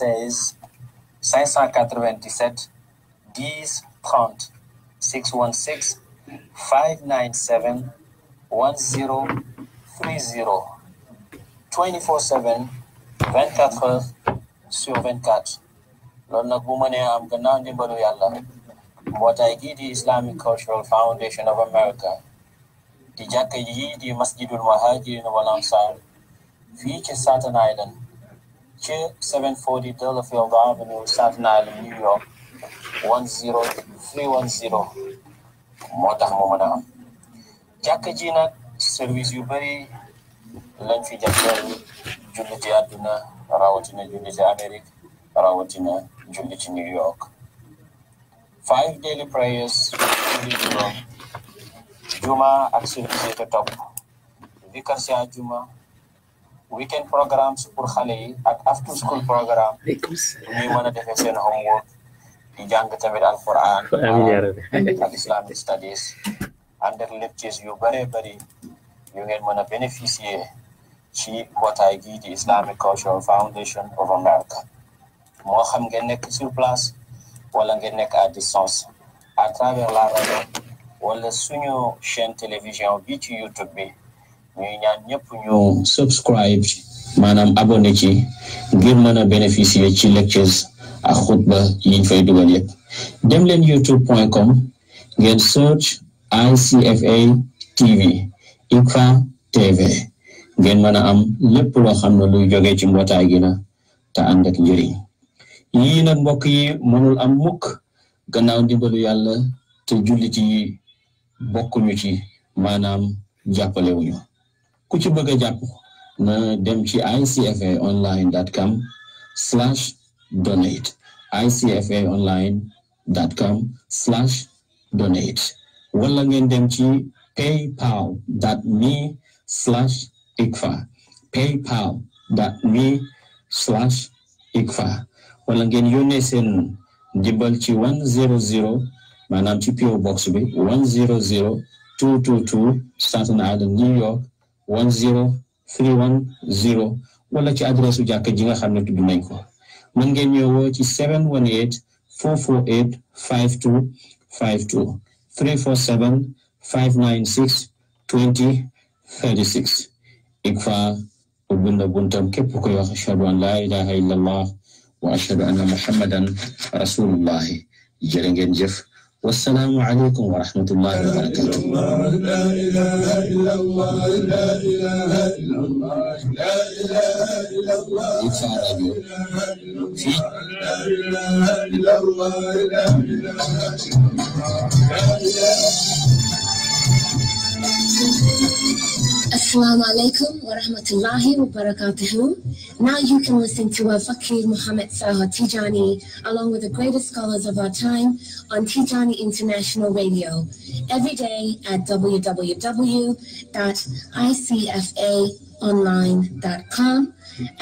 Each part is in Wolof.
16 597 10 30 616 597 1030 24/7 24 heures sur 24 loolu nag bu mënee am gannaaw ndimbalu yàlla mbootaay gii di Islamic Cultural Foundation of America di jàkka yi di masjidul muhajirin wal ansar fii ci Staten Island Chair, 740 Delafield Avenue, Staten Island, New York, 10310 moo tax mu mën a am jàkka ji nag service yu bëri lañ fi jagleel julliti àdduna rawatina julliti Amérique rawatina julliti New York five daily prayers juma ak service yi ko topp vicarcia juma weekend programmes pour xale yi ak after school programme ñuy mën a defee seen homework di jàng tamit alquran ak islamic studies under lectures yu bëree bëri yu ngeen mën a bénéficier ci mbootaay gii di Islamic Cultural Foundation of America moo xam ngeen nekk sur place wala ngeen nekk à distance à la radio wala suñu chaîne télévision bi ci YouTube bi ñuy ñaan ñëpp ñu subscribe maanaam abonné ci ngir mën a bénéficier ci lectures a xutba yiñ fay dugal yëpp dem leen youtube point com ngeen search ICFA TV ICFA TV ngeen mën a am lépp loo xam ne lu jógee ci mbootaay gi la te ànd ak njëriñ yii nag mbokk yi mënul am mukk gannaaw ndimbalu yàlla te jullit yi bokkuñu ci maanaam jàppalewuñu ku ci bëgg a jàpp na dem ci icfa online dot com donate icfa online dot com donate wala ngeen dem ci paypal dot me slash ikfa paypal dot me ikfa wala ngeen yónnee seen ci one zero zero maanaam ci PO box bi one zero zero two two two Staten Island New York one zero three one zero wala ci adresse u jàkk ji nga xam ne tudd nañ ko mën ngeen ñëwoo ci seven one eight four four eight five two five two three four seven five nine six twenty thirty six ICFA ubbi na buntam képp koy wax ashhadu an laa ilaha illallah wa ashhadu anna muhammadan rasulullahi jërë ngeen jëf والسلام عليكم ورحمة الله وبركاته لا إله إلا الله لا إله إلا الله لا إله إلا الله يدفع الراديو في لا إله إلا الله لا إله إلا الله لا إله Assalamu alaikum wa rahmatullahi wa barakatuhu. Now you can listen to our Fakir Muhammad Saha Tijani along with the greatest scholars of our time on Tijani International Radio every day at www.icfaonline.com,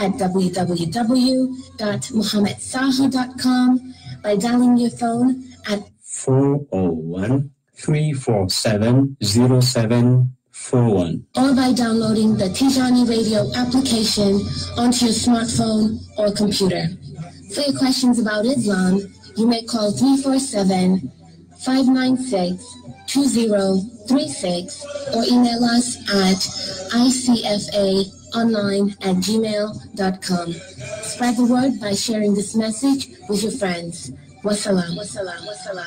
at www.muhammadsaha.com, by dialing your phone at 401 347 07 for one. Or by downloading the Tijani Radio application onto your smartphone or computer. For your questions about Islam, you may call 347 596 2036 or email us at icfaonline at gmail.com. Spread the word by sharing this message with your friends. wasalaam wasalaam wasalaam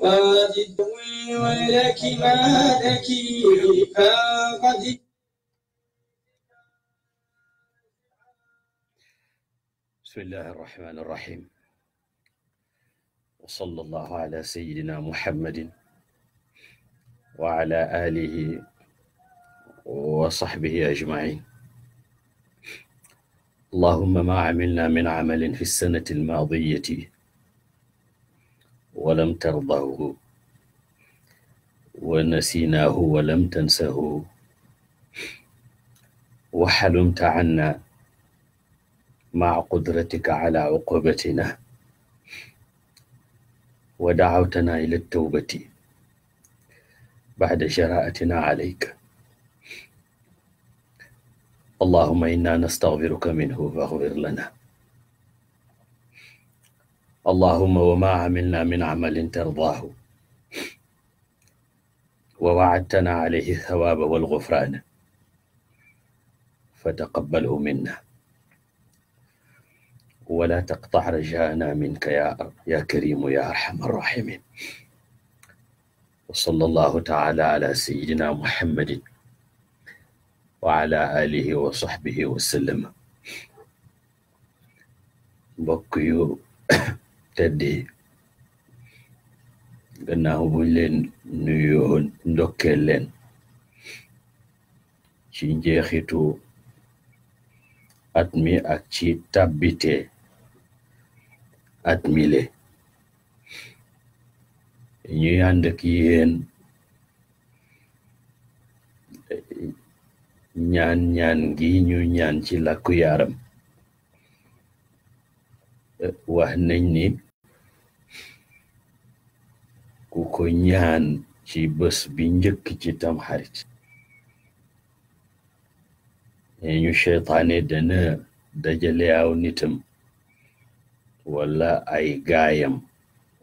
جدوي ولك مالك فقد بسم الله الرحمن الرحيم وصلى الله على سيدنا محمد وعلى آله وصحبه أجمعين اللهم ما عملنا من عمل في السنة الماضية ولم ترضه ونسيناه ولم تنسه وحلمت عنا مع قدرتك على عقوبتنا ودعوتنا إلى التوبة بعد جراءتنا عليك اللهم إنا نستغفرك منه فاغفر لنا allahuma wa ma amilna min amalin tardaahu wa waadtana alayhi thawaaba walgufraana fa taqabbalhu minna wala taqtac rajaana minka ya ya karimu ya arxama arraximin wa salla allahu taala ala sayidina muhammadin wa ala alihi wa sahbihi wa sallama mbokk yu tedd yi gannaaw buñ leen nuyoo ndokkeel leen ci njeexitu at mi ak ci tabbite at mile ñuy ànd ak yéen ñaan ñaan gi ñu ñaan ci lakku yaaram wax nañ ni ku ko ñaan ci bés bi njëkk ci tamxarit nee ñu seytaane dana dajale aw nitam wala ay gaayam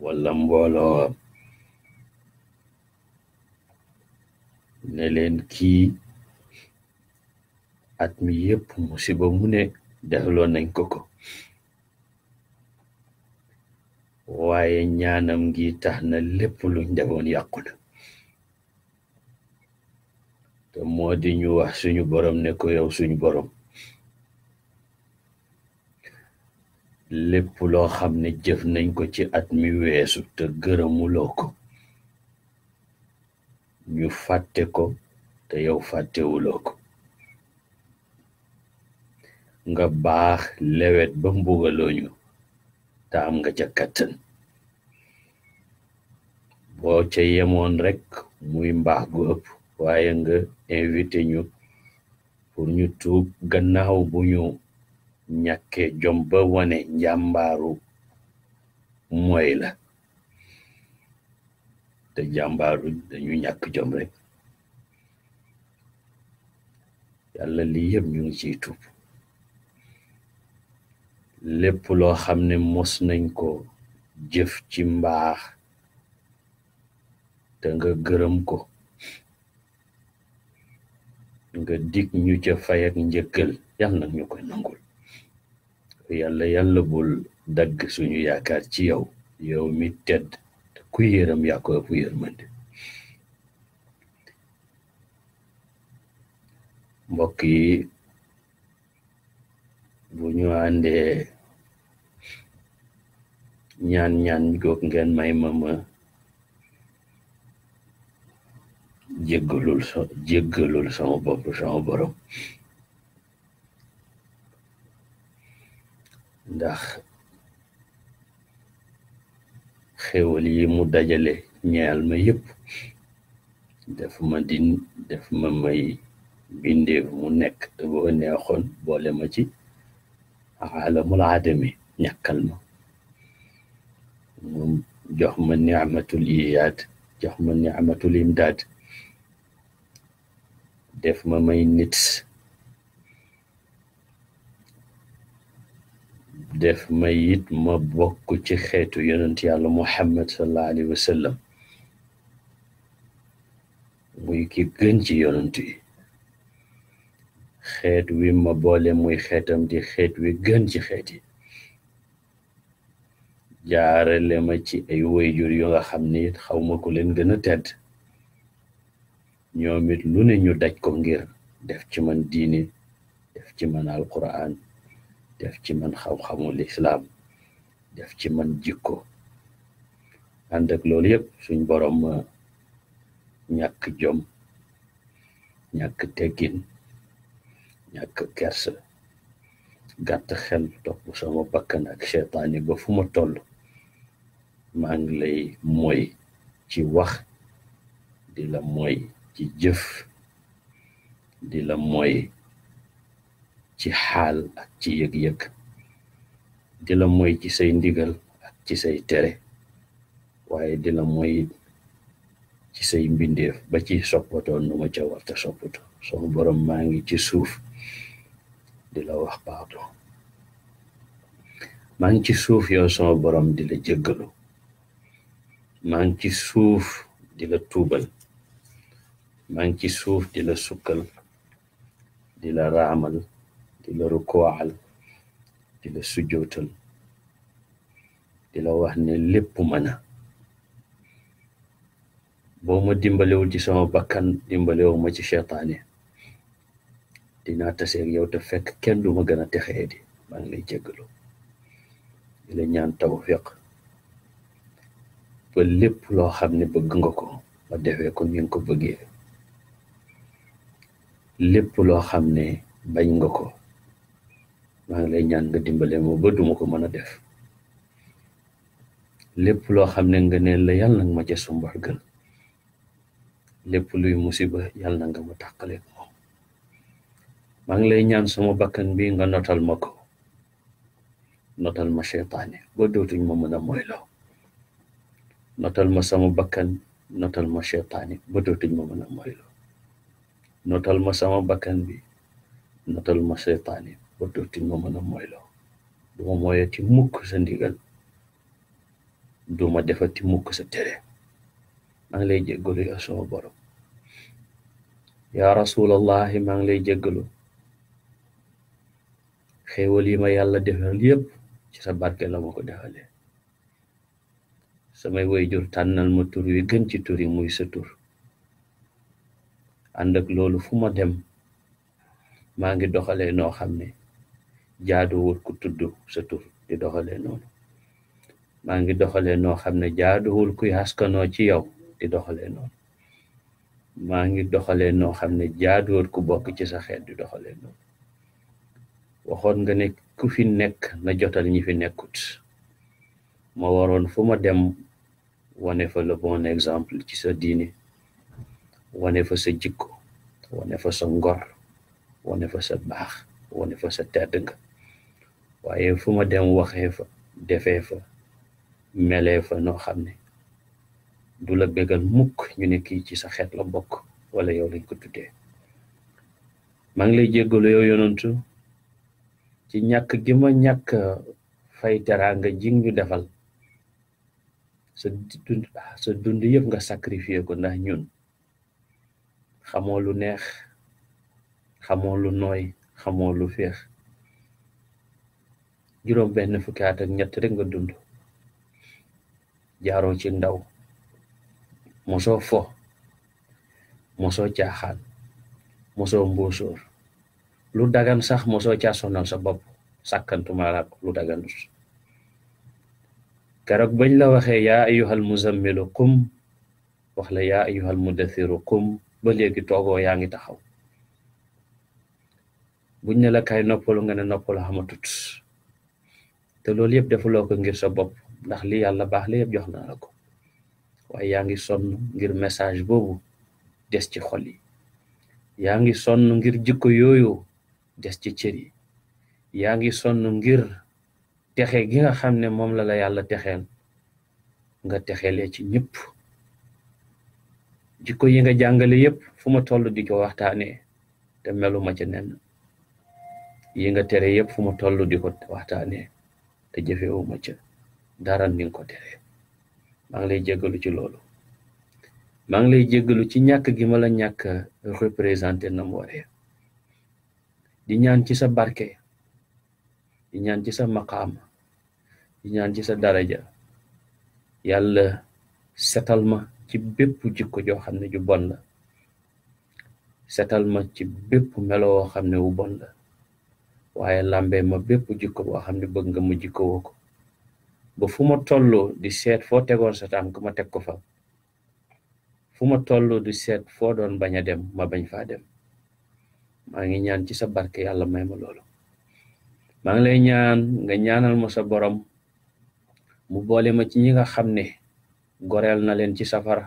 wala mbooloowam ne leen kii at mi yépp musiba mu ne defloon nañ ko ko waaye ñaanam gi tax na lépp lu defoon yàqu na te moo di ñu wax suñu borom ne ko yow suñu boroom lépp loo xam ne jëf nañ ko ci at mi weesu te gërëmuloo ko ñu fàtte ko te yow fàttewuloo ko nga baax lewet ba mbugaloo te am nga ca kattan boo ca yemoon rek muy mbaax gu ëpp waaye nga invité ñu pour ñu tuub gannaaw bu ñu ñàkke jom ba wane njàmbaaru mooy la te jàmbaaru dañu ñàkk jom rek yàlla lii yëpp ñu ngi ciy tuub lépp loo xam ne mos nañ ko jëf ci mbaax te nga gërëm ko nga dig ñu ca fay ak njëkkal yàlla nag ñu koy nangul yàlla yàlla bul dagg suñu yaakaar ci yow yow mi tedd te ku yéeram yaa ko ëpp yërmande mbokk yi bu ñu àndee ñaan ñaan goog ngeen may mama jéggalul so jéggalul sama bopp sama borom ndax yi mu dajale ñaal ma yépp daf ma din daf ma may bindeef mu nekk boo neexoon boole ma ci aalamul adami ñàkkal ma jox ma niamatul iyaad jox ma niamatul imdaad def ma may nit def ma it ma bokk ci xeetu yonent yàlla muhammad sallallahu alayhi wa sallam muy ki gën xeet wi ma boole muy xeetam di xeet wi gën ci xeet yi jaarale ma ci ay wayjur yu nga xam ne it xaw ma ku leen gën tedd ñoomit it lu ne ñu daj ko ngir def ci man diini def ci man alquran def ci man xaw xamu lislaam def ci man jikko ànd ak loolu yëpp suñ borom ñàkk jom ñàkk teggin ñàkk kersa gàtt xel topp sama bakkan ak seytaane ba fu ma toll maa ngi lay mooy ci wax di la mooy ci jëf di la mooy ci xaal ak ci yëg-yëg di la mooy ci say ndigal ak ci say tere waaye di la mooy ci say mbindeef ba ci soppatoo nu ca warta soppatoo sama borom maa ngi ci suuf di la wax baatu maa ngi ci suuf yow sama borom di la jéggalu maa ngi ci suuf di la tuubal maa ngi ci suuf di la sukkal di la raamal di la rukuwaal di la sujjootal di la wax ni lépp mën a boo ma ci sama bakkan dimbalewu ma ci cheytaane dinaa taseeg yow te fekk kenn du ma gën a texee di maa ngi lay jéggalu di la ñaan tawfiq ba lépp loo xam ne bëgg nga ko ma defee ko ni ko bëggee lépp loo xam ne bañ nga ko maa ngi lay ñaan nga dimbale ma ba duma ko mën a def lépp loo xam ne nga neen la yàlla nga ma ca sumbar gën lépp luy musiba yàlla nga ma tàqaleeko maa ngi lay ñaan sama bakkan bi nga notal ma ko notal ma seytaane ba dootuñ ma mën a moyloo ma sama bakkan notal ma seytaane ba dootuñ ma mën a ma sama bakkan bi notal ma seytaane ba dootuñ ma mën du ma moyati mukk sa du ma defati mukk sa tere maa ngi lay jéggalu yaa sama borom yaa rasulallah maa ngi lay jéggalu xéewal yi ma yàlla defal yépp ci sa barke la ma ko defale samay wayjur nal ma tur wi gën ci tur yi muy sa tur ànd ak loolu fu ma dem maa ngi doxalee noo xam ne jaaduwul ku tudd sa di doxalee noonu maa ngi doxalee noo xam ne jaaduwul kuy askanoo ci yow di doxalee noon maa ngi doxalee noo xam ne jaaduwul ku bokk ci sa xeet di doxalee noonu waxoon nga ne ku fi nekk na jotal ñi fi nekkut ma waroon fu ma dem wane fa le bon exemple ci sa diine wane fa sa jikko wane fa sa ngor wane fa sa baax wane fa sa tedd nga waaye fu ma dem waxee fa defee fa melee fa noo xam ne du la bégal mukk ñu ne kii ci sa xeet la bokk wala yow lañ ko tuddee maa ngi lay jéggalu ci ñàkk gi ma ñàkk fay teraanga ji ñu defal sa dund sa nga sacrifier ko ndax ñun xamoo lu neex xamoo lu nooy xamoo lu feex juróom benn fukki at ak ñett rek nga dund jaaro ci ndaw mosoo fo mosoo caaxaan mosoo mbóosóor lu dagan sax mosoo caa sonal sa bopp sàkkantuma la lu daganut keroog bañ la waxee yaa ayyuhal muzammilu qum wax la yaa ayyuhal mudathiru qum ba léegi toogoo yaa ngi taxaw buñ ne la kay noppalu nga ne noppalu xamatut te loolu yëpp defuloo ko ngir sa bopp ndax li yàlla baax la yëpp jox na la ko waaye yaa ngi sonn ngir message boobu des ci xol yi yaa ngi sonn ngir jikko yooyu des ci cër yaa ngi sonn ngir texe gi nga xam ne moom la la yàlla texeel nga texelee ci ñëpp jikko yi nga jàngale yëpp fu ma toll di ko waxtaanee te meluma ca nen yi nga tere yëpp fu ma toll di ko waxtaanee te jëfewuma ca dara ni nga ko tere maa ngi lay jéggalu ci loolu maa ngi lay jéggalu ci ñàkk gi ma la ñàkk représenté na mu waree di ñaan ci sa barke di ñaan ci sa maqaama di ñaan ci sa daraja yàlla setal ma ci bépp jikko joo xam ne ju bon la setal ma ci bépp melowoo xam ne wu bon la waaye làmbee ma bépp jikko boo xam ne bëgg nga mu jikko ko ba fu ma tolloo di seet foo tegoon sa tànk ma teg ko fa fu ma tolloo di seet foo doon bañ a dem ma bañ faa dem maa ngi ñaan ci sa barke yàlla may ma loolu maa ngi lay ñaan nga ñaanal ma sa boroom mu boole ma ci ñi nga xam ne goreel na leen ci safara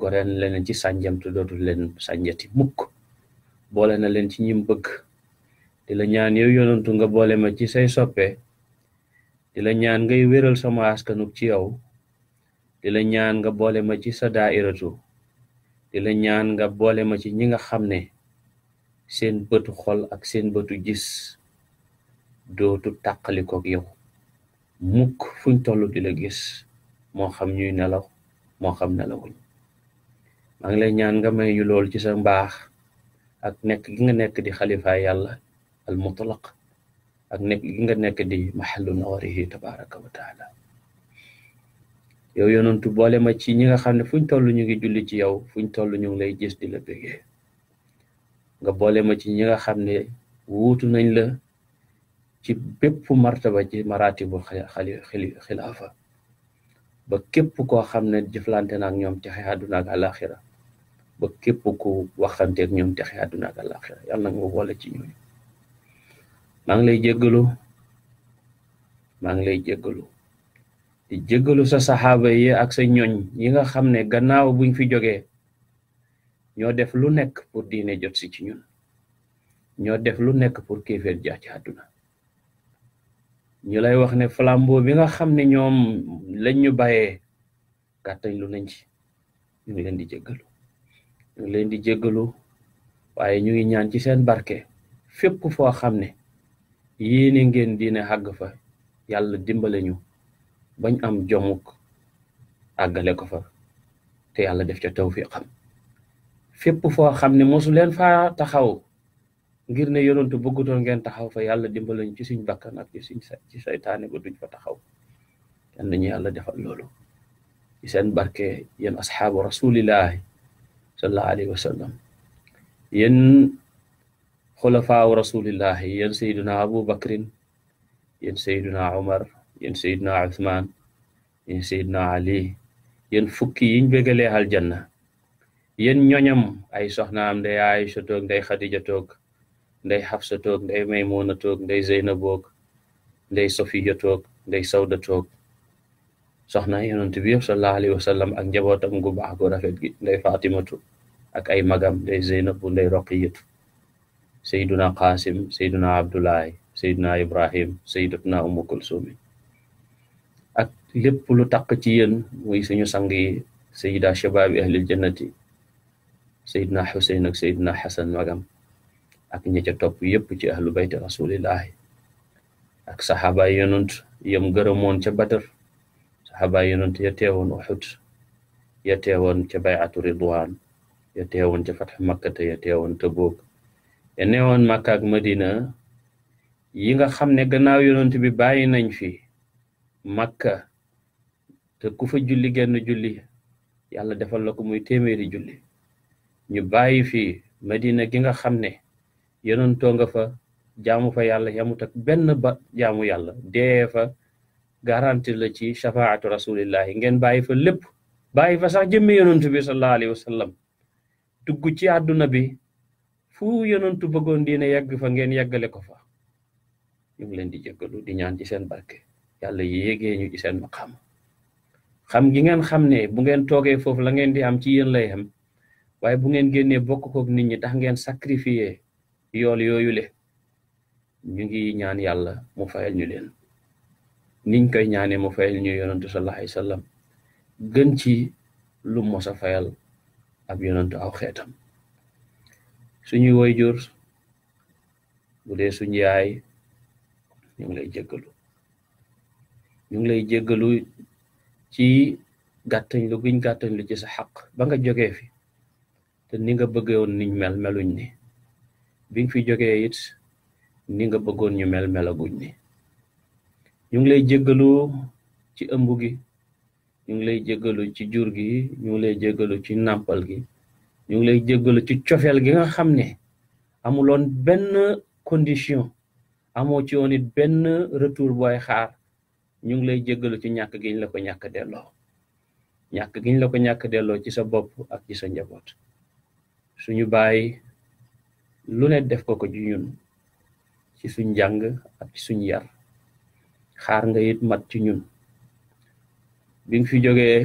goreel na leen ci sànjam te dootul leen sànjati mukk boole na leen ci ñim bëgg di la ñaan yow yonantu nga boole ma ci say soppe di la ñaan ngay wéral sama askanuk ci yow di la ñaan nga boole ma ci sa daairatu di la ñaan nga boole ma ci ñi nga xam ne seen bëtu xol ak seen bëtu gis dootu tàqalikook yow mukk fuñ toll di la gis moo xam ñuy nelaw moo xam nelawuñ maa ngi lay ñaan nga may ñu lool ci sa mbaax ak nekk gi nga nekk di xalifa yàlla al mutlaq ak nekk gi nga nekk di mahallu nawarihi tabaraka wa taala yow yonentu boole ma ci ñi nga xam ne fuñ toll ñu ngi julli ci yow fuñ tollu ñu ngi lay gis di la bégee nga boole ma ci ñi nga xam ne wuutu nañ la ci bépp martaba ci maratibul xali xilaafa ba képp koo xam ne jëflante na ak ñoom texe àdduna ak àlaxira ba képp ko waxante ak ñoom texe àdduna ak àlaxira yàlla na nga boole ci ñooñu maa ngi lay jéggalu maa ngi lay jéggalu di sa saxaaba yi ak sa ñooñ yi nga xam ne gannaaw buñ fi jógee ñoo def lu nekk pour diine jot si ci ñun ñoo def lu nekk pour kéeféer jaa ci àdduna ñu lay wax ne flambeau bi nga xam ne ñoom lañ ñu bàyyee gàttañ lu nañ ci ñu ngi leen di jéggalu ñu leen di jéggalu waaye ñu ngi ñaan ci seen barke fépp foo xam ne yii ni ngeen dine xàgg fa yàlla dimbale ñu bañ am jomuk àggale ko fa te yàlla def ca tawfiqam fépp foo xam ne mosu leen faa taxaw ngir ne yonantu bëggutoon ngeen taxaw fa yàlla dimbalañ ci suñ bakkan ak ci suñ ci saytaane ba duñ fa taxaw yan nañu yàlla defal loolu ci seen barke yéen asxaabu rasulillahi sallallahu alayhi wa sallam yéen xulafaawu rasulillahi yéen sayduna abu bakrin yéen sayduna umar yéen sayduna uthman yéen sayduna ali yéen fukki yiñ bégalee aljanna yéen ñoñam ay soxnaam nday Aïcha toog nday Xadija toog nday Xafsa toog nday Maymuna toog nday Zeyna boog nday Sofiya toog nday Sawda toog soxna yonent bi yëpp sallallahu ak njabootam gu rafet gi nday Fatimatu ay magam nday Zeynabu nday Roqiyatu sayduna Qasim sayduna Abdullahi sayduna Ibrahim saydatuna Umu Kulsumi ak lépp lu taq ci yéen muy suñu sang yi sayida shababi ahlil jannati sayidna xuseyn ak sayidna xasan magam ak ñi ca topp yépp ci ahlu bayti rasulillahi ak saxaaba yonent yam gërëmoon ca Badar saxaaba yonent ya teewoon Uhud ya teewoon ca bayatu ridwan ya teewoon ca fatx makkata ya teewoon Tabuk ya neewoon Makka ak Madina yi nga xam ne gannaaw yonent bi bàyyi nañ fi Makka te ku fa julli genn julli yàlla defal la muy téeméeri julli ñu bàyyi fii madina gi nga xam ne yonantoo nga fa jaamu fa yàlla yamut ak benn ba jaamu yàlla dee fa garanti la ci shafaatu rasulillahi ngeen bàyyi fa lépp bàyyi fa sax jëmmi yonantu bi sallallahu alayhi dugg ci àdduna bi fu yonantu bëggoon diine yàgg fa ngeen yàggale ko fa ñu ngi leen di jéggalu di ñaan ci seen barke yàlla yéegee ñu ci seen maqaam xam gi ngeen xam ne bu ngeen toogee foofu la ngeen di am ci yéen lay am waaye bu ngeen génnee bokk kook nit ñi tax ngeen sacrifier yool yooyu le ñu ngi ñaan yàlla mu fayal ñu leen niñ koy ñaanee mu fayal ñu yonantu sallallahu alayhi wasallam gën ci lu mos a fayal ab yonantu aw xeetam suñuy waajur bu dee suñ yaay ñu ngi lay jéggalu ñu ngi lay jéggalu ci gàttañ lu giñ gàttañ lu ci sa xaq ba nga jógee fi te ni nga bëggoon niñ mel meluñ ni bi fi jógee it ni nga bëggoon ñu mel melaguñ ni ñu ngi lay jéggalu ci ëmb gi ñu ngi lay jéggalu ci jur gi ñu ngi lay jéggalu ci nàmpal gi ñu ngi lay jéggalu ci cofeel gi nga xam ne amuloon benn condition amoo ci woon it benn retour booy xaar ñu ngi lay jéggalu ci ñàkk giñ la ko ñàkk delloo ñàkk giñ la ko ñàkk delloo ci sa bopp ak ci sa njaboot suñu bàyyi lu ne def ko ko ju ñun ci suñ njàng ak ci suñ yar xaar nga it mat ci ñun bi fi jógee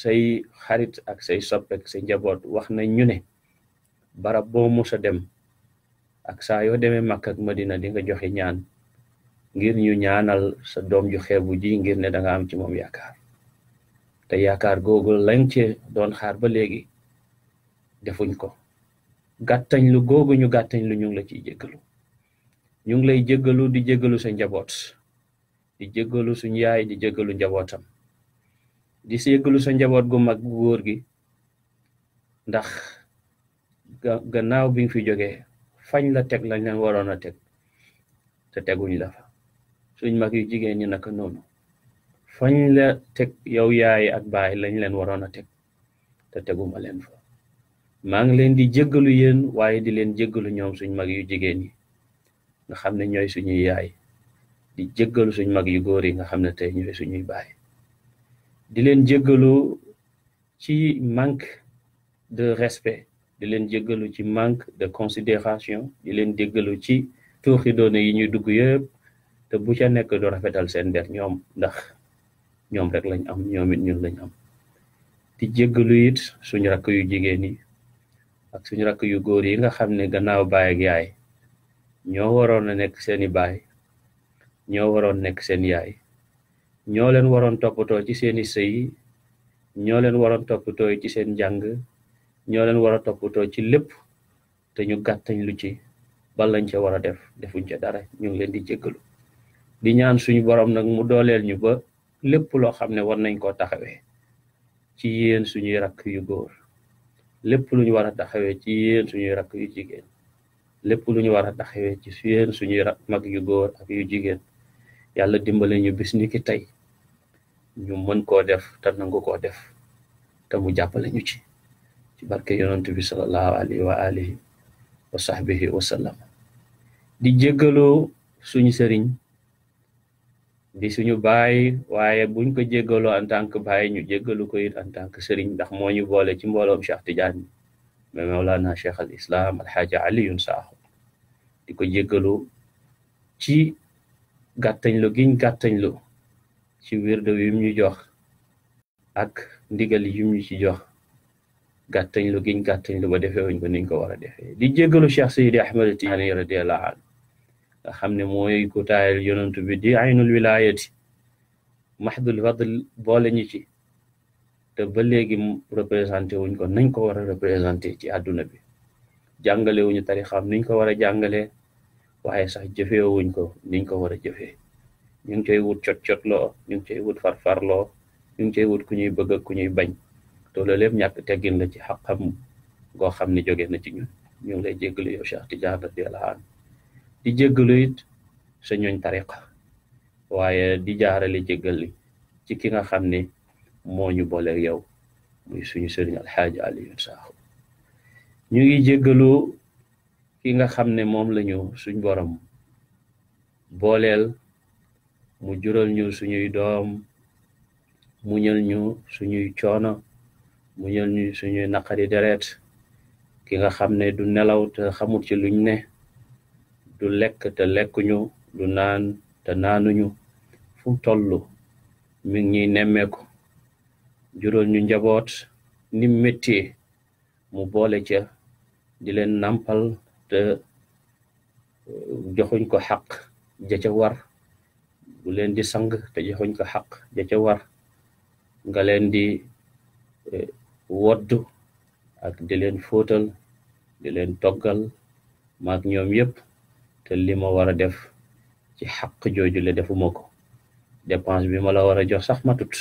say xarit ak say soppek say njaboot wax na ñu ne barab boo musa dem ak saa yoo demee Makka ak Madina di joxe ñaan ngir ñu ñaanal sa doom ju xeebu ji ngir ne danga am ci moom yaakaar te yaakaar googu lañ ce doon xaar ba léegi defuñ ko gàttañ lu googu ñu gàttañ lu ñu la ciy jéggalu ñu ngi lay jéggalu di jéggalu sa njaboot di jéggalu suñu yaay di jéggalu njabootam di jéggalu sa njaboot gu mag gu góor gi ndax gannaaw bi fi jógee fañ la teg lañ leen waroon a teg te teguñ la suñ mag yu jigéen ñi naka noonu fañ la yow yaay ak baay lañ leen waroon a teg teguma leen fa maa ngi leen di jéggalu yéen waaye di leen jéggalu ñoom suñ mag yu jigéen yi nga xam ne ñooy suñuy yaay di jéggalu suñ mag yu góor yi nga xam ne tey ñooy suñuy baay di leen jéggalu ci manque de respect di leen jéggalu ci manque de considération leen jéggalu ci tuuxi doone yi ñuy dugg yëpp te bu ca nekk du rafetal seen der ñoom ndax ñoom rek lañ am ñoomit ñun lañ am di jéggalu it suñu rakk yu jigéen yi ak suñu rakk yu góor yi nga xam ne gannaaw baay ak yaay ñoo waroon a nekk seeni baay ñoo waroon nekk seen yaay ñoo leen waroon toppatoo ci seeni sëy ñoo leen waroon toppatoo ci seen njàng ñoo leen war a toppatoo ci lépp te ñu gàttañ lu ci bal lañ ca war a def defuñ ca dara ñu ngi leen di jéggalu di ñaan suñu boroom nag mu dooleel ñu ba lépp loo xam ne war nañ koo taxawee ci yéen suñuy rakk yu góor lépp lu ñu war a taxawee ci yéen suñuy rakk yu jigéen lépp lu ñu war a taxawee ci yéen suñuy rakk mag yu góor ak yu jigéen yàlla dimbale ñu bis ki tey ñu mën koo def ta nangu koo def te mu jàppale ñu ci ci barke yonent bi sallallahu alayhi wa alihi wa sahbihi wa sallam di jéggaloo suñu sëriñ di suñu baay waaye buñ ko jéggaloo en tant que baay ñu jéggalu ko it en tant que sëriñ ndax moo ñu boole ci mbooloom Cheikh Tidiane mais Mawlana Cheikh al Islam Alxaaji Aliyun Saaxo di ko jéggalu ci gàttañlu giñ gàttañlu ci wirdo yim ñu jox ak ndigal yim ñu ci jox gàttañlu giñ gàttañlu ba defee wuñ ko nuñ ko war a defee di jéggalu Cheikh Seydi Ahmed Tidiane radiyallahu anhu nga xam ne mooy ku taayal yonantu bi di aynul wilayati mahdul fadl boole ñu ci te ba léegi représenté wuñ ko nañ ko war a représenté ci àdduna bi jàngale wuñu xam niñ ko war a jàngale waaye sax jëfee wuñ ko niñ ko war a jëfee ñu ngi cay wut cot cot loo ñu ngi cay wut farfarloo ñu ngi cay wut ku ñuy bëgg ak ku ñuy bañ te loolu lépp ñàkk teggin la ci xam-xam goo xam ne jóge na ci ñun ñu ngi lay jéggalu yow Cheikh Tidiane radiyallahu anhu di jéggalu it sa ñooñ tariqa waaye di jaarale jéggal li ci ki nga xam ni moo ñu booleeg yow suñu sëriñ alxaaji Alioune Sakho ñu ngi jéggalu ki nga xam ne moom lañu suñ borom booleel mu jural ñu suñuy doom muñal ñu suñuy coono muñal ñu suñuy naqari deret ki nga xam ne du nelaw te xamul ci luñ ne du lekk te lekkuñu du naan te naanuñu fu tollu toll mi ngi ñuy nemmeeku juróol ñu njaboot ni métier mu boole ca di leen nàmpal te uh, joxuñ ko xaq ja ca war bu leen di sang te joxuñ ko xaq ja ca war nga leen di uh, wodd ak di leen fóotal di leen toggal maak ñoom yépp te li ma war a def ci xaq jooju le defuma ko dépense bi ma la war a jox sax matut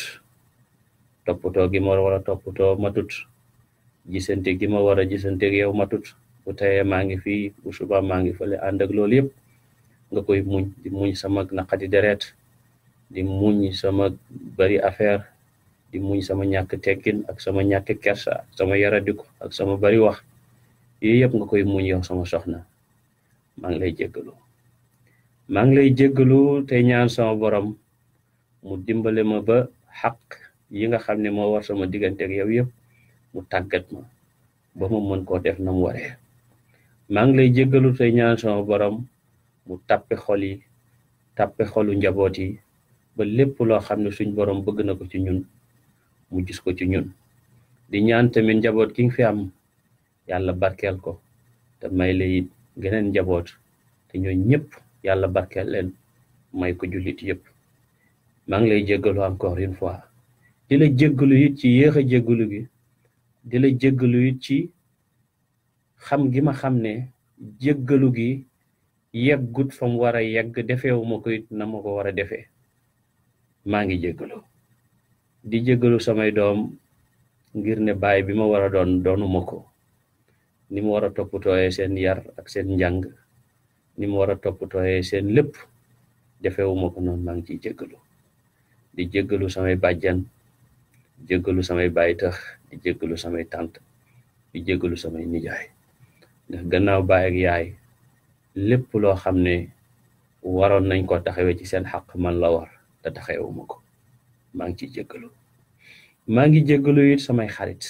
toppatoo gi ma war a toppatoo matut gisante gi ma war a gisante ak yow matut bu tayee maa ngi fii bu subaa maa ngi fële ànd ak loolu yëpp nga koy muñ di muñ sama naqadi deret di muñ sama bari affaire di muñ sama ñàkk tekkin ak sama ñàkk kersa ak sama yaradiku ak sama bari wax yii yëpp nga koy muñ yow sama soxna maa ngi lay jéggalu maa ngi lay jéggalu te ñaan sama borom mu dimbale ma ba xaq yi nga xam ne moo war sama diggante ak yow yëpp mu tàggat ma ba ma mën koo def na mu waree maa ngi lay jéggalu te ñaan sama borom mu tappe xol yi tàppe xolu njaboot yi ba lépp loo xam ne suñ borom bëgg na ko ci ñun mu gis ko ci ñun di ñaan tamit njaboot ki nga fi am yàlla barkeel ko te may la geneen njaboot te ñooñ ñëpp yàlla barkeel leen may ko jullit yëpp maa ngi lay jéggalu encore une fois di la jéggalu ci yéex a jéggalu gi di la jéggalu ci xam gi ma xam ne jëggalu gi yeggut fa mu war a yegg defeewu ma ko it na ma ko war a defee maa ngi jéggalu di jéggalu samay doom ngir ne baay bi ma war a doon doonu ko ni mu war a toppatooyee seen yar ak seen njàng ni mu war a toppatooyee seen lépp defewuma ko noonu maa ngi ciy jéggalu di jéggalu samay bàjjan di jéggalu samay bàyyitax di jéggalu samay tànt di jéggalu samay nijaay gannaaw baay yaay lépp loo xam ne waroon nañ ko taxawee ci seen xaq man la war te taxawewuma ko maa ngi ciy jéggalu maa ngi jéggalu samay xarit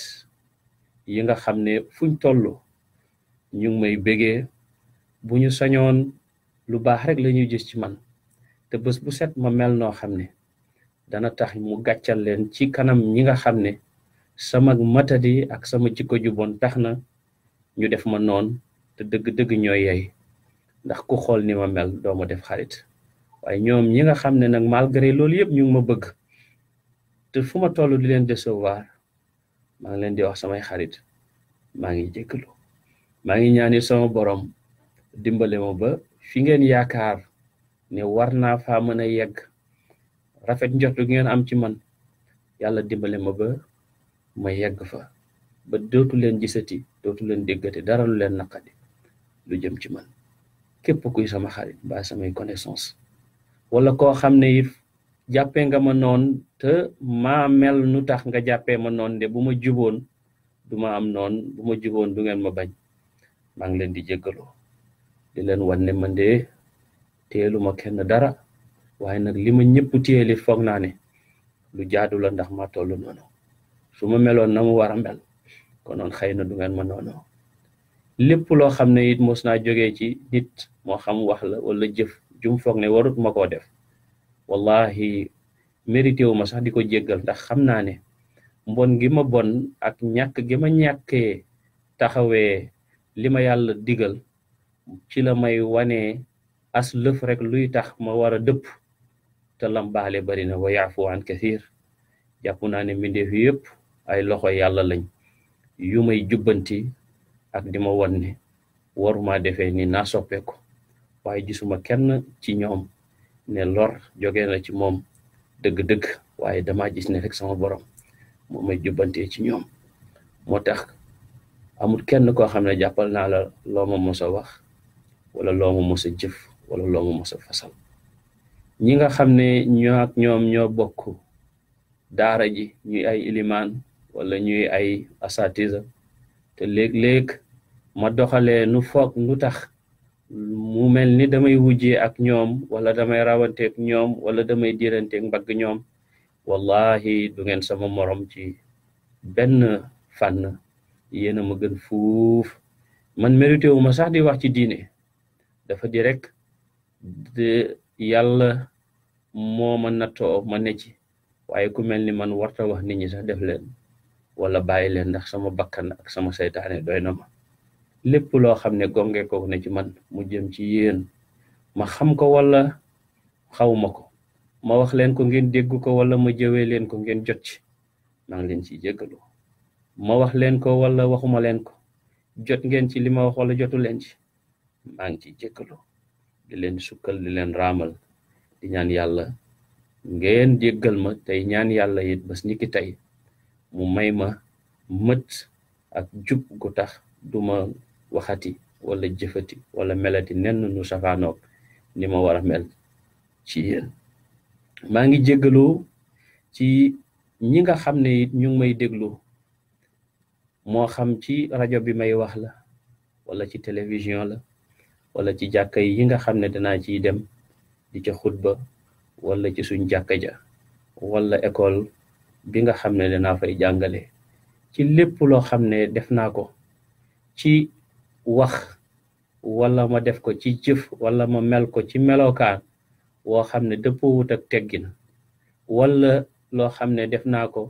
yi nga xam ne fuñ toll ñu ngi may bégee bu ñu sañoon lu baax rek la ñuy ci man te bés bu set ma mel noo xam ne dana tax mu gàccal leen ci kanam ñi nga xam ne sama matadi ak sama jikko ju bon tax na ñu def ma noon te dëgg-dëgg ñooy yey ndax ku xool ni ma mel doo ma def xarit waaye ñoom ñi nga xam ne nag malgré loolu yëpp ñu ngi ma bëgg te fu ma toll di leen décevoir maa ngi leen di wax samay xarit maa ngi jégalu maa ngi ñaanit sama borom dimbale ma ba fi ngeen yaakaar ne war naa faa mën a yegg rafet njortu ngeen am ci man yàlla dimbale ma ba ma yegg fa ba dootu leen gisati dootu leen déggati dara lu leen naqadi lu jëm ci man képp kuy sama xarit ba samay connaissance wala koo xam ne it jàppee nga ma noon te maa mel nu tax nga jàppee ma noon de bu ma juboon du ma am noon bu ma juboon du ngeen ma bañ maa ngi leen di jéggalu di leen wan ne man de teeluma kenn dara waaye nag li ma ñëpp téyeli foog naa ne lu jaadu la ndax ma toll noonu su ma meloon na mu war a mel konoon xëy na du ngeen ma noonu lépp loo xam ne it mos naa jógee ci nit moo xam wax la wala jëf jum foog ne warut ma koo def wallahi mérité wu ma sax di ko jéggal ndax xam naa ne mbon gima ma bon ak ñàkk gi ma ñàkkee taxawee li ma yàlla digal ci la may wane as lëf rek luy tax ma war a dëpp te lam baale bari na wa yaafu an kathir jàpp naa ne mbindeef yëpp ay loxo yàlla lañ yu may jubbanti ak di ma wan ne waruma defee ni naa soppeeku waaye gisuma kenn ci ñoom ne lor jóge na ci moom dëgg-dëgg waaye dama gis ne rek sama borom moo may jubbantee ci ñoom moo tax amul kenn koo xam ne jàppal naa la loo ma mos a wax wala loo ma jëf wala loo ma mos fasal ñi nga xam ne ñoo ak ñoom ñoo bokk daara ji ñuy ay ilimaan wala ñuy ay asatisa te léeg-léeg ma doxalee nu foog nu tax mu mel ni damay wujjee ak ñoom wala damay rawanteeg ñoom wala damay diiranteeg mbagg ñoom wallahi du ngeen sama moroom ci benn fànn yéen a ma gën fuuf man mérité wu ma sax di wax ci diine dafa di rek yàlla moo ma nattoo ma ne ci waaye ku mel ni man warta wax nit ñi sax def leen wala bàyyi leen ndax sama bakkan ak sama saytaane doy na ma lépp loo xam ne gonge ko ne ci man mu jëm ci yéen ma xam ko wala xaw ma ko ma wax leen ko ngeen dégg ko wala ma jëwee leen ko ngeen jot ci maa ngi leen ciy jéggalu ma wax leen ko wala waxuma leen ko jot ngeen ci li ma wax wala jotu leen ci maa ngi ci jëkkalu di leen sukkal di leen raamal di ñaan yàlla ngeen jéggal ma tey ñaan yàlla yit bés niki tey mu may ma mët ak jub gu tax duma waxati wala jëfati wala melati nenn nu safaanoog ni ma war a mel ci maa ngi jéggalu ci ñi nga xam ne it ñu ngi may dégloo moo xam ci rajo bi may wax la wala ci télévision la wala ci jàkka yi nga xam ne danaa ciy dem di ca xutba wala ci suñ jàkka ja wala école bi nga xam ne danaa fay jàngale ci lépp loo xam ne def naa ko ci wax wala ma def ko ci jëf wala ma mel ko ci melokaan woo xam ne dëppoowut ak teggin wala loo xam ne def naa ko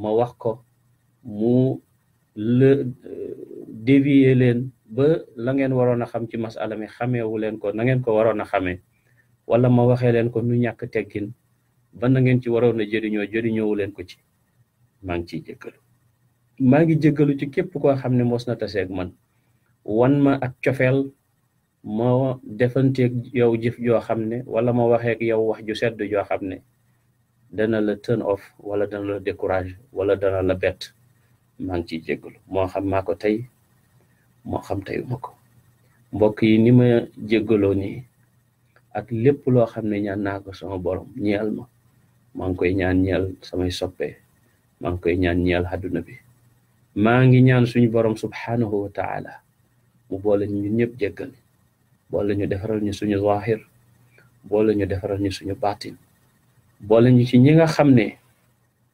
ma wax ko mu le euh, dévier leen ba la ngeen waroon a xam ci masala mi xameewu leen ko nangeen ko waroon a xamee wala ma waxee leen ko nu ñàkk teggin ba na ngeen ci waroon a jëriñoo jëriñoowu leen ko ci maa ngi ciy jéggalu maa ngi jéggalu ci képp koo xam ne mos na taseeg man wan ma ak cofeel moo defanteeg yow jëf joo xam ne wala ma waxeeg yow wax ju sedd joo xam ne dana la turn off wala dana la décourage wala dana la bett maa ngi ciy jéggalu moo xam maa tey moo xam teyuma ko mbokk yi ni ma jéggaloo nii ak lépp loo xam ne ñaan naa ko sama borom ñeel ma maa ngi koy ñaan ñeel samay soppe maa ngi koy ñaan ñeel àdduna bi maa ngi ñaan suñu borom subhanahu wa taala mu boole ñu ñëpp jéggal boole ñu defaral ñu suñu zahir boole ñu defaral ñu suñu baatin boole ñu ci ñi nga xam ne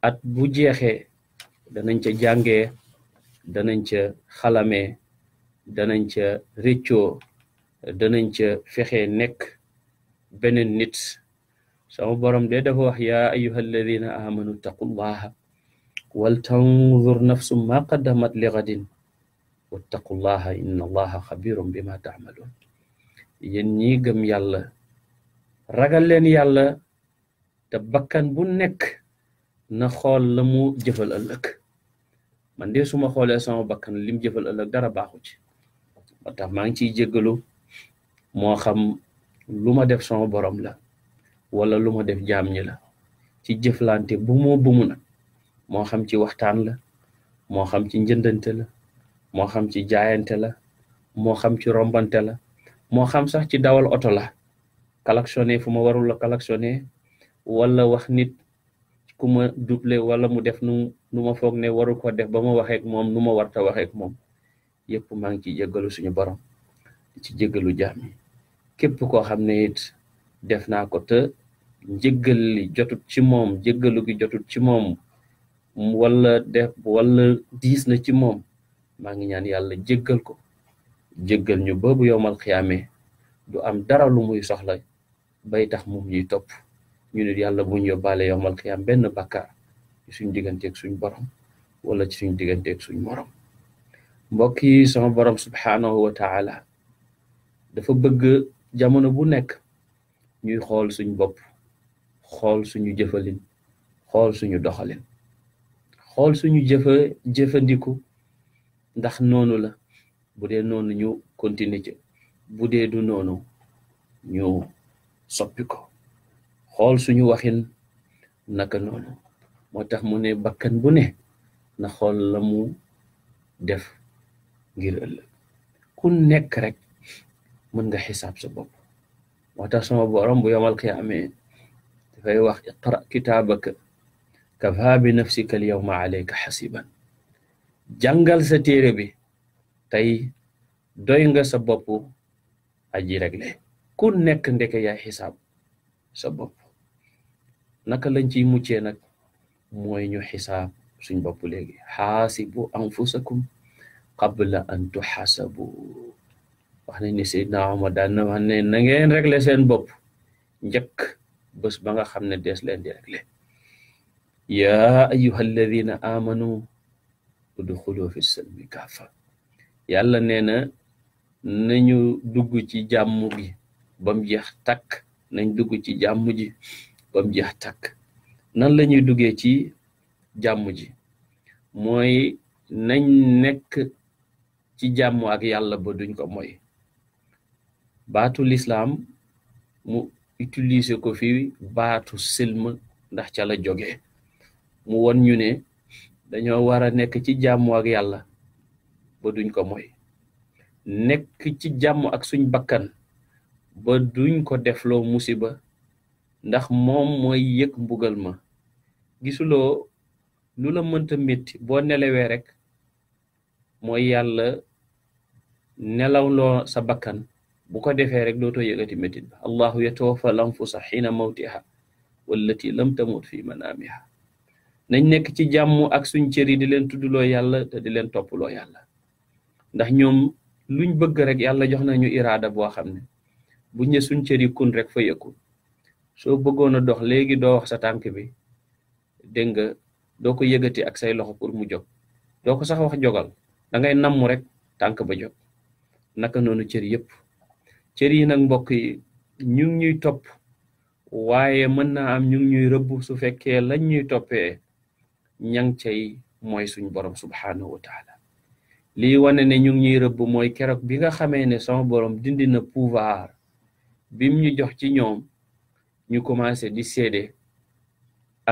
at bu jeexee danañ ca jàngee danañ ca xalamee danañ ca réccoo danañ ca fexe nekk beneen nit sama borom de dafa wax yaa ayuha alladina amanu taqullaha wal tanzur nafsum ma qaddamat li gadin wattaqullaha inna allaha xabirum bima taamaluun yéen ñi gëm yàlla ragal leen yàlla te bakkan bu nekk na xool la mu jëfal ëllëg man de suma xoolee sama bakkan lim jëfal ëllëg dara baaxu ci moo tax maa ngi ciy jéggalu moo xam lu ma def sama borom la wala lu ma def jaam ñi la ci jëflante bu moo nag moo xam ci waxtaan la moo xam ci njëndante la moo xam ci jaayante la moo xam ci rombante la moo xam sax ci dawal oto la kalaksoné fu ma warul la wala wax nit ku ma duble wala mu def nu nu ma foog ne waru ko def ba ma waxeek moom nu ma warta waxeek moom yëpp maa ngi ci jéggalu suñu borom ci jéggalu jaam yi képp koo xam ne it def naa ko te njëggal li jotut ci moom gi jotut ci moom wala def diis na ci moom maa ngi ñaan yàlla jéggal ko jéggal ñu boobu yowmal xiyaame du am dara lu muy soxla bay tax moom topp ñu ne yàlla buñ yóbbaale yowmal xiyaam benn bakka suñ digganteeg suñ borom wala ci suñ digganteek suñ morom mbokk yi sama borom subhaanahu wa taala dafa bëgg jamono bu nekk ñuy xool suñ bopp xool suñu jëfalin xool suñu doxalin xool suñu jëfa jëfandiku ndax noonu la bu dee noonu ñu continuer ci bu dee du noonu ñu soppi ko xool suñu waxin naka noonu moo tax mu ne bakkan bu ne na xool la mu def ngir ëllëg ku nekk rek mën nga xisaab sa bopp moo tax sama borom bu yomal qiyaamee dafay wax iqra kitaabaka kafaa bi nafsika al yawma xasiban jàngal sa téere bi tey doy nga sa bopp aji regle ku nekk ndeke yaay xisaab sa bopp naka lañ ciy muccee nag mooy ñu xisaab suñ bopp léegi xaasibu anfusakum qabla an tuxasabu wax nañ ne Seydina Omar daan na wax ne na ngeen réglé seen bopp njëkk bés ba nga xam ne des leen di réglé yaa ayuha alladina amanu udxulu fi salmi kaafa yàlla nee na nañu dugg ci jàmm gi bam jeex takk nañ dugg ci jàmm ji ba mu jeex nan lañuy duggee ci jàmm ji mooy nañ nekk ci jàmm ak yàlla ba duñ ko moy baatu lislaam mu utiliser ko fi baatu silm ndax ca la jógee mu won ñu ne dañoo war a nekk ci jàmmoo ak yàlla ba duñ ko moy nekk ci jàmm ak suñ bakkan ba duñ ko defloo musiba ndax moom mooy yëg mbugal ma gisuloo lu la mënta métti boo nelawee rek mooy yàlla nelawloo sa bakkan bu ko defee rek dootoo ti métit ba allahu yatawaffa lanfusa xiina mawtiha wallati lam tamut fi manaamiha nañ nekk ci jàmm ak suñ cër yi di leen tuddloo yàlla te di leen toppaloo yàlla ndax ñoom luñ bëgg rek yàlla jox na ñu iraada boo xam ne bu ne suñ cër yi kun rek fa yëkkul soo bëggoon a dox léegi doo wax sa tànk bi dégg nga doo ko yëgati ak say loxo pour mu jóg doo ko sax wax jogal dangay nammu rek tànk ba jóg naka noonu cër yëpp cër yi nag mbokk yi ñu ngi ñuy topp waaye mën naa am ñu ñuy rëbb su fekkee lañ ñuy toppee ñang ngi cay mooy suñ borom subhaanahu wa taala lii wane ne ñu ngi ñuy rëbb mooy keroog bi nga xamee ne sama borom dindi na pouvoir bim ñu jox ci ñoom ñu commencé di seede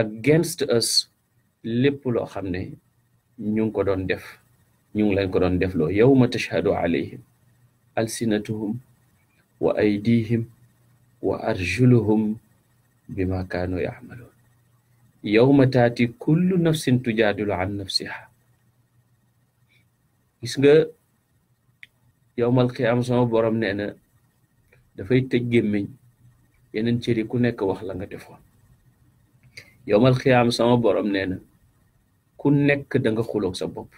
against us lépp loo xam ne ñu ngi ko doon def ñu ngi leen ko doon def loo yawma tashhadu alayhim alsinatuhum wa aydihim wa arjuluhum bima kaanu yacmaluun yawma taati kullu nafsin tujaadilu an nafsiha gis nga yawmal qiyaama sama borom nee na dafay tëj gémmiñ yeneen cëri ku nekk wax la nga defoon yowmal xiyaam sama borom nee na ku nekk danga nga xuloog sa bopp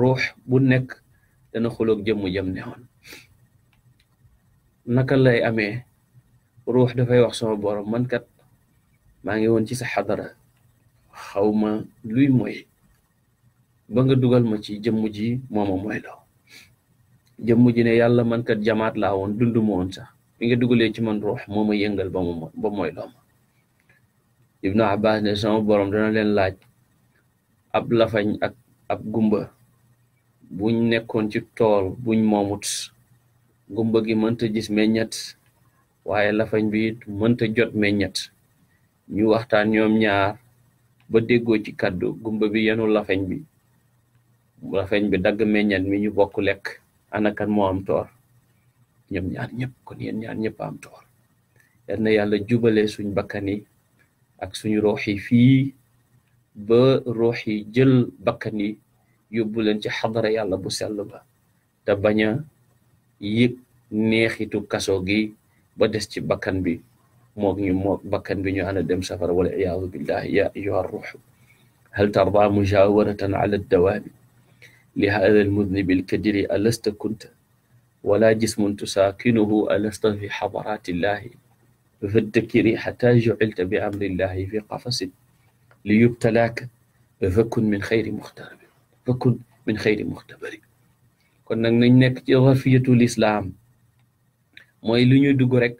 ruux bu nekk dana xuloog jëmmu jëm newoon naka lay amee ruux dafay wax sama borom mankat maa ngi woon ci sa xadara xawma ma luy mooy ba nga dugal ma ci jëmm ji mooma mooy loo jëmm ji ne yàlla man jamaat laa woon dund ma woon sax bi nga dugalee ci man ruux moo ma yëngal ba mu ba mooy looma ibnu abbas ne sama borom dana leen laaj ab lafañ ak ab gumba buñ nekkoon ci tool buñ moomut gumba gi mënta gis meññet waaye lafañ bi it mënta jot meññet ñu waxtaan ñoom ñaar ba déggoo ci kàddu gumba bi yenu lafañ bi lafañ bi dagg meññet mi ñu bokk lekk ana kan moo am toor ñoom ñaar ñëpp kon yéen ñaar ñëpp am toor yal na yàlla jubale suñ bakkani ak suñu ruux yi fii ba ruux yi jël bakkani yóbbu leen ci xadara yàlla bu sell ba te bañ a yëg neexitu kaso gi ba des ci bakkan bi moog ñu moog bakkan bi ñu ana dem safara wala iyaadu billahi ya ayuha ruux hal tarda mujawaratan ala dawaabi li hada almudnibi alkadiri alasta kunta ولا جسم تساكنه ألست في حضرات الله فادكري حتى جعلت بأمر الله في قفص ليبتلاك فكن من خير مختبر فكن من خير kon nag nañ nekk ci rafiyatul islaam mooy lu ñu dugg rek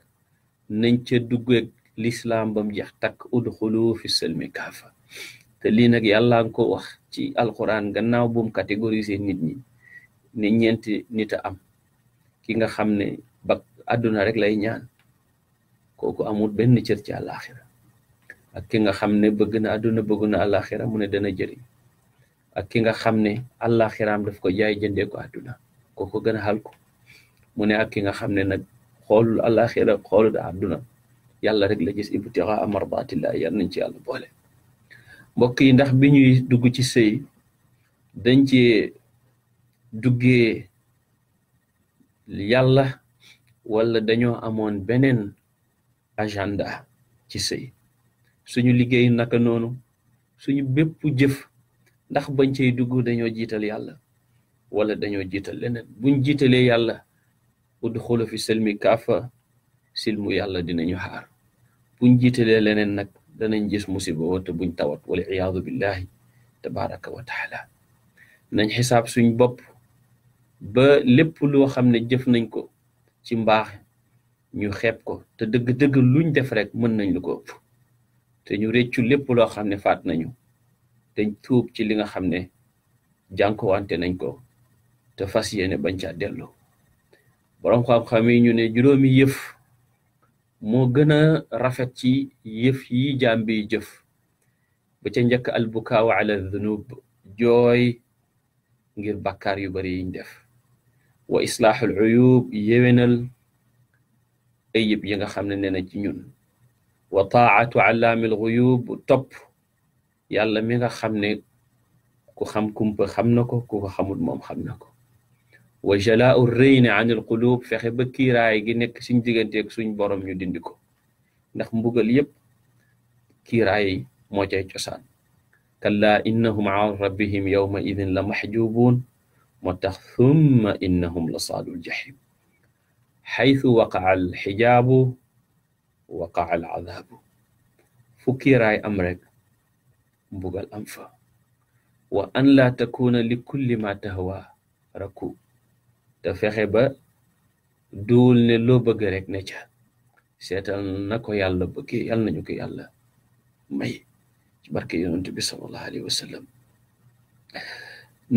nañ ca duggeeg lislaam bam jeex takk udxulu fi selmi kaafa te lii nag yàlla nga ko wax ci alquran gannaaw bumu catégorisé nit ñi ne ñeenti nit am ki nga xam ne ba àdduna rek lay ñaan kooku amul benn cër ci àllaaxira ak ki nga xam ne bëgg na àdduna bëgg na àllaaxira mu ne dana jëriñ ak ki nga xam ne àllaaxiraam def ko jaay jëndee ko àdduna kooku gën a xal mu ne ak ki nga xam ne nag xoolul àllaaxira xoolul àdduna yàlla rek la gis ibtixa amarbaatillah yar nañ ci yàlla boole mbokk yi ndax bi dugg ci sëy dañ ci duggee yàlla wala dañoo amoon beneen agenda ci sëy suñu liggéey naka noonu suñu bépp jëf ndax bañ cay dugg dañoo jiital yàlla wala dañoo jiital leneen buñ jiitalee yàlla udxulu fi selmi kaafa silmu yàlla dinañu xaar buñ jiitalee leneen nag danañ gis musiba wata buñ tawat wal iyaadu billahi tabaraka wa nañ xisaab suñ bopp ba lépp loo xam ne jëf nañ ko ci mbaax ñu xeeb ko te dëgg-dëgg luñ def rek mën nañ lu ko ëpp te ñu réccu lépp loo xam ne faat nañu te tuub ci li nga xam ne wante nañ ko te fas yéene bañ caa dellu borom xam-xam yi ñu ne juróomi yëf moo gën a rafet ci yëf yi jaam bi jëf ba ca njëkk albukaaw a dunub jooy ngir bàkkaar yu bari yiñ def wa islaaxul uyub yéwénal ayib yi nga xam ne nee na ci ñun wa taatu allaamil xuyub topp yàlla mi nga xam ne ku xam kumpa xam na ko ku ko xamul moom xam na ko wa jalaau reyni anil qulub fexe ba kiiraay gi nekk suñ digganteeg suñ borom ñu dindi ko ndax mbugal yépp kiiraay moo cay cosaan kalla innahum an rabbihim yawma idin la maxjubuun moo tax thumma innahum la saalul jahim xaytu waqaa al xijaabu waqaa al adaabu fukki raay am rek mbugal am fa wa an laa takuuna li kulli ma tahwa raku te fexe ba duul ne loo bëgg rek ne ca seetal na ko yàlla bëggee yàlla nañu ko yàlla may ci barke yonent bi sallallahu alayhi wa sallam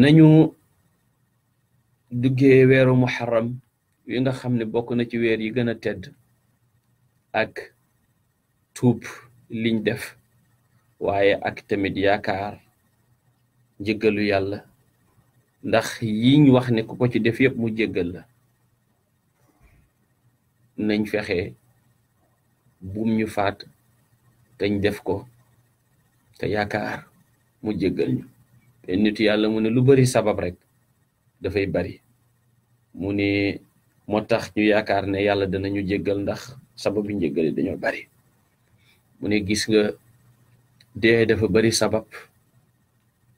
nañu duggee weeru muharram wi nga xam ne bokk na ci weer yi gën tedd ak tuub liñ def waaye ak tamit yaakaar njëggalu yàlla ndax yiñ wax ne ko ci def yëpp mu jéggal la nañ fexe buum ñu faat teñ def ko te yaakaar mu jéggal ñu te nitu yàlla mu lu bari sabab rek dafay bari mu ne moo tax ñu yaakaar ne yàlla danañu jéggal ndax sabab yu njéggal dañoo bari mu ne gis nga dee dafa bari sabab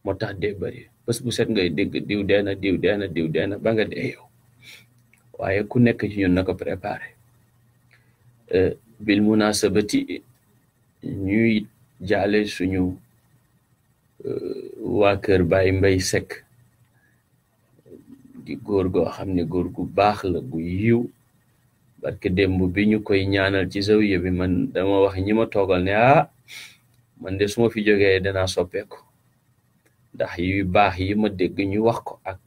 moo tax dee bari bés bu set ngay dégg diw deena diw deena diw deena ba nga dee yow waaye ku nekk ci ñun na ko préparé euh, bil munasabati ñuy jaale suñu euh, waa kër Baye Mbaye Seck di góor goo xam ne góor gu baax la gu yiw barke démb bi ñu koy ñaanal ci zawiya bi man dama wax ñi ma toogal ne ah man de suma fi jógee danaa soppeeku ndax yu baax yi ma dégg ñu wax ko ak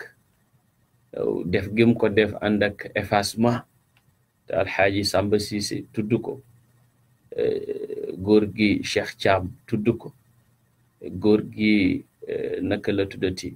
def gim ko def ànd ak effacement te alxaaji Samba Cissé tudd ko eh, góor gi Cheikh Thiam tudd ko eh, góor gi eh, naka la tuddati